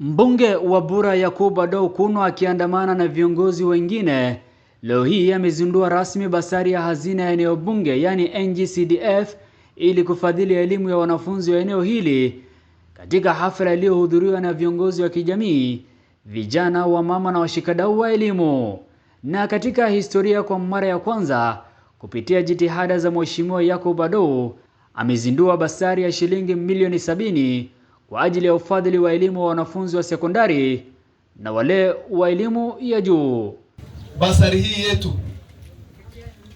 Mbunge wa Bura Yakubu Adow Kuno akiandamana na viongozi wengine leo hii amezindua rasmi basari ya hazina ya eneo bunge yaani NGCDF ili kufadhili elimu ya wanafunzi wa eneo hili katika hafla iliyohudhuriwa na viongozi wa kijamii, vijana, wa mama na washikadau wa elimu. Na katika historia, kwa mara ya kwanza kupitia jitihada za Mheshimiwa Yakubu Adow amezindua basari ya shilingi milioni sabini kwa ajili ya ufadhili wa elimu wa wanafunzi wa sekondari na wale wa elimu ya juu. Basari hii yetu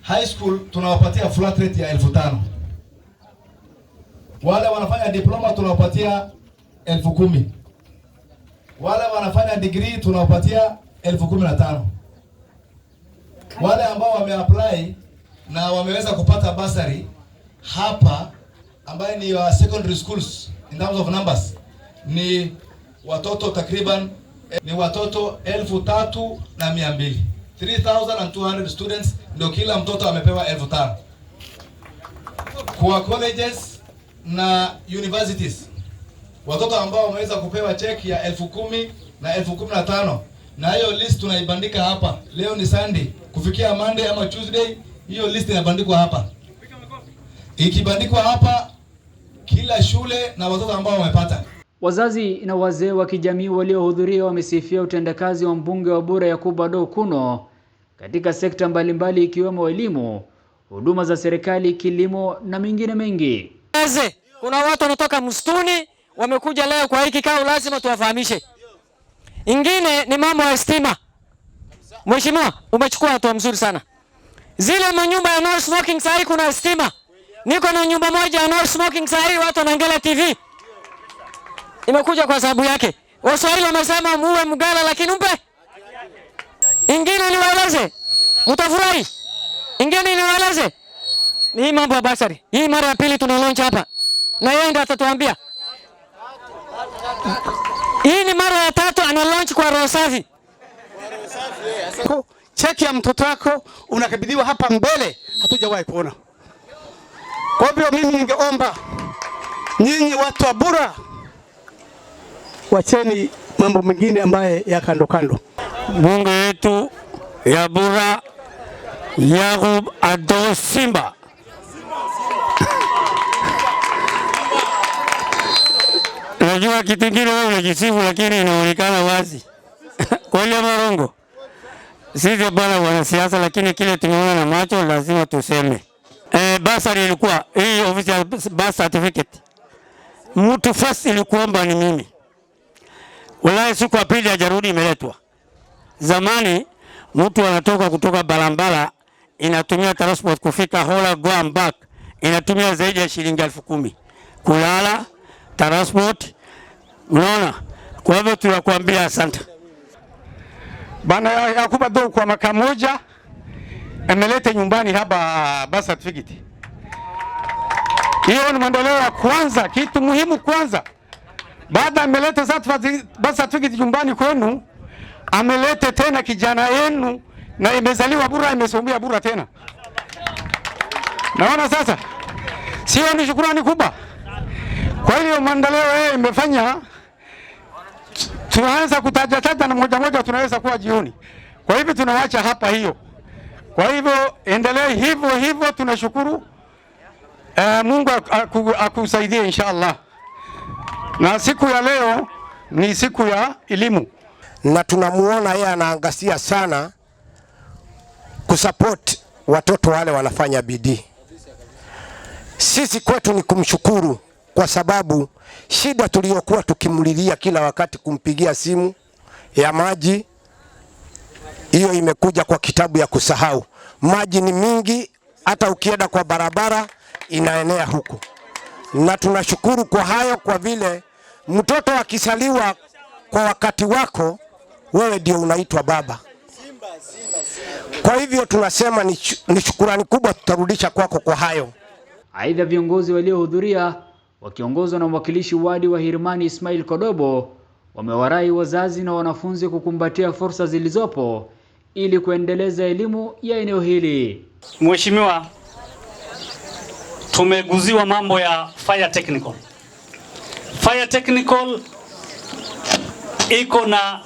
high school tunawapatia flat rate ya elfu tano. Wale wanafanya diploma tunawapatia elfu kumi. Wale wanafanya degree tunawapatia elfu kumi na tano. Wale ambao wameapply na wameweza kupata basari hapa ambaye ni wa secondary schools in terms of numbers ni watoto takriban eh, ni watoto elfu tatu na mia mbili 3200 students ndio kila mtoto amepewa elfu tano kwa colleges na universities watoto ambao wameweza kupewa check ya elfu kumi na elfu kumi na tano na hiyo list tunaibandika hapa. Leo ni Sunday, kufikia Monday ama Tuesday hiyo list inabandikwa hapa. Ikibandikwa hapa kila shule na watoto ambao wamepata. Wazazi na wazee wa kijamii waliohudhuria wamesifia utendakazi wa mbunge wa Bura Yakubu Ado kuno katika sekta mbalimbali ikiwemo elimu, huduma za serikali, kilimo na mengine mengi. Kuna watu wanatoka msituni wamekuja leo kwa hiki kikao, lazima tuwafahamishe. Ingine ni mambo ya stima. Mheshimiwa, umechukua hatua mzuri sana. Zile manyumba ya no smoking sasa kuna stima. Niko na nyumba moja no smoking, saa hii watu wanaangalia TV. Imekuja kwa sababu yake. Waswahili wamesema muue mgala lakini umpe. ingine. Niwaeleze mtafurahi, ingine niwaeleze hii mambo ya basari. Hii mara ya pili tuna launch hapa, na yeye ndiye atatuambia. Hii ni mara ya tatu ana launch kwa roho safi. Eh, cheki ya mtoto wako unakabidhiwa hapa mbele, hatujawahi kuona. Kwa hivyo mimi ningeomba nyinyi watu wa Bura wacheni mambo mengine ambaye ya kando kando. Bunge yetu ya Bura Yakub Ado Simba najua kitu kingine wewe unajisifu, lakini inaonekana wazi kweli marongo. Sisi bwana wanasiasa, lakini kile tumeona na macho lazima tuseme eh, basari ilikuwa hii ofisi ya birth certificate, mtu first ilikuomba ni mimi. Wallahi siku ya pili hajarudi imeletwa. Zamani mtu anatoka kutoka barabara inatumia transport kufika Hola go and back inatumia zaidi ya shilingi elfu kumi kulala transport. Unaona, kwa hivyo tunakuambia asante bana Yakuba Dou kwa makamuja amelete nyumbani hapa uh, birth certificate. Hiyo ni maendeleo ya kwanza, kitu muhimu kwanza. Baada amelete birth certificate nyumbani kwenu, amelete tena kijana yenu na imezaliwa bura, imesomea bura tena. Naona sasa, sio ni shukrani kubwa. Kwa hiyo maendeleo yeye imefanya, tunaanza kutaja na moja moja, tunaweza kuwa jioni. Kwa hivyo tunawacha hapa hiyo. Kwa hivyo endelea hivyo hivyo, tunashukuru uh, Mungu akusaidie insha Allah. Na siku ya leo ni siku ya elimu, na tunamuona yeye anaangasia sana kusupport watoto wale wanafanya bidii. Sisi kwetu ni kumshukuru kwa sababu shida tuliyokuwa tukimlilia kila wakati kumpigia simu ya maji hiyo imekuja kwa kitabu ya kusahau maji ni mingi, hata ukienda kwa barabara inaenea huku, na tunashukuru kwa hayo, kwa vile mtoto akisaliwa kwa wakati wako wewe ndio unaitwa baba. Kwa hivyo tunasema ni shukurani kubwa tutarudisha kwako kwa hayo. Aidha, viongozi waliohudhuria wakiongozwa na mwakilishi wadi wa Hirimani Ismail Kodobo wamewarai wazazi na wanafunzi kukumbatia fursa zilizopo ili kuendeleza elimu ya eneo hili. Mheshimiwa, tumeguziwa mambo ya fire technical. Fire technical iko na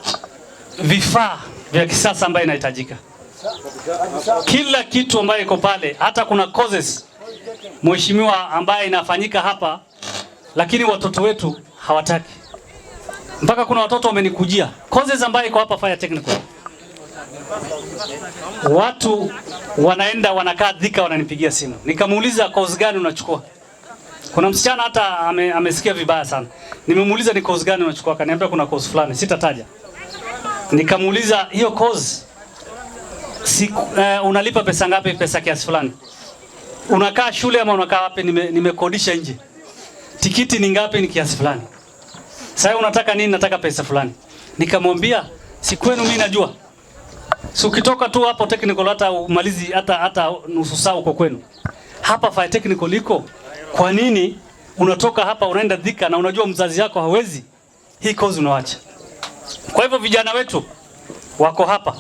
vifaa vya kisasa ambayo inahitajika, kila kitu ambayo iko pale, hata kuna courses mheshimiwa, ambaye inafanyika hapa, lakini watoto wetu hawataki. Mpaka kuna watoto wamenikujia courses ambayo iko hapa fire technical watu wanaenda wanakaa Dhika, wananipigia simu, nikamuuliza kozi gani unachukua. Kuna msichana hata ame, amesikia vibaya sana, nimemuuliza ni kozi gani unachukua, akaniambia kuna kozi fulani, sitataja. Nikamuuliza hiyo kozi si, uh, unalipa pesa ngapi? Pesa kiasi fulani. Unakaa shule ama unakaa wapi? Nimekodisha Nime, nje. Tikiti ni ngapi? Ni kiasi fulani. Sasa unataka nini? Nataka pesa fulani. Nikamwambia si kwenu, mimi najua Si ukitoka tu hapo technical hata umalizi hata hata nusu saa uko kwenu. Hapa fire technical iko. Kwa nini unatoka hapa unaenda Thika na unajua mzazi yako hawezi? Hii kozi unawacha. Kwa hivyo vijana wetu wako hapa.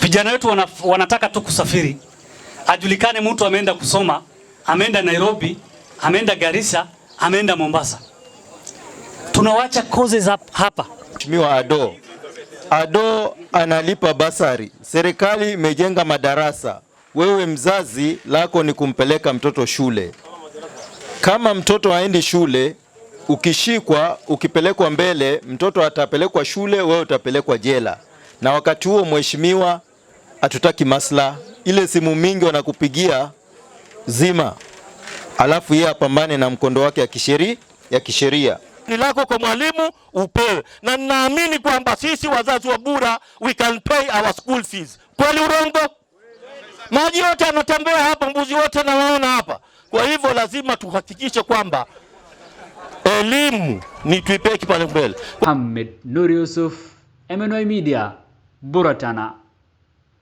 Vijana wetu wana, wanataka tu kusafiri. Ajulikane mtu ameenda kusoma, ameenda Nairobi, ameenda Garissa, ameenda Mombasa. Tunawacha kozi hapa. Mheshimiwa Ado Ado analipa basari, serikali imejenga madarasa, wewe mzazi lako ni kumpeleka mtoto shule. Kama mtoto haendi shule, ukishikwa, ukipelekwa mbele, mtoto atapelekwa shule, wewe utapelekwa jela, na wakati huo, mheshimiwa, hatutaki masla, Ile simu mingi wanakupigia zima, alafu yeye apambane na mkondo wake ya kisheria ya kisheria ni lako kwa mwalimu upewe, na ninaamini kwamba sisi wazazi wa Bura we can pay our school fees. Kweli urongo? Maji yote anatembea hapa, mbuzi wote nawaona hapa. Kwa hivyo lazima tuhakikishe kwamba elimu ni tuipee kipaumbele. Ahmed Nur Yusuf, MNY Media, Bura Tana.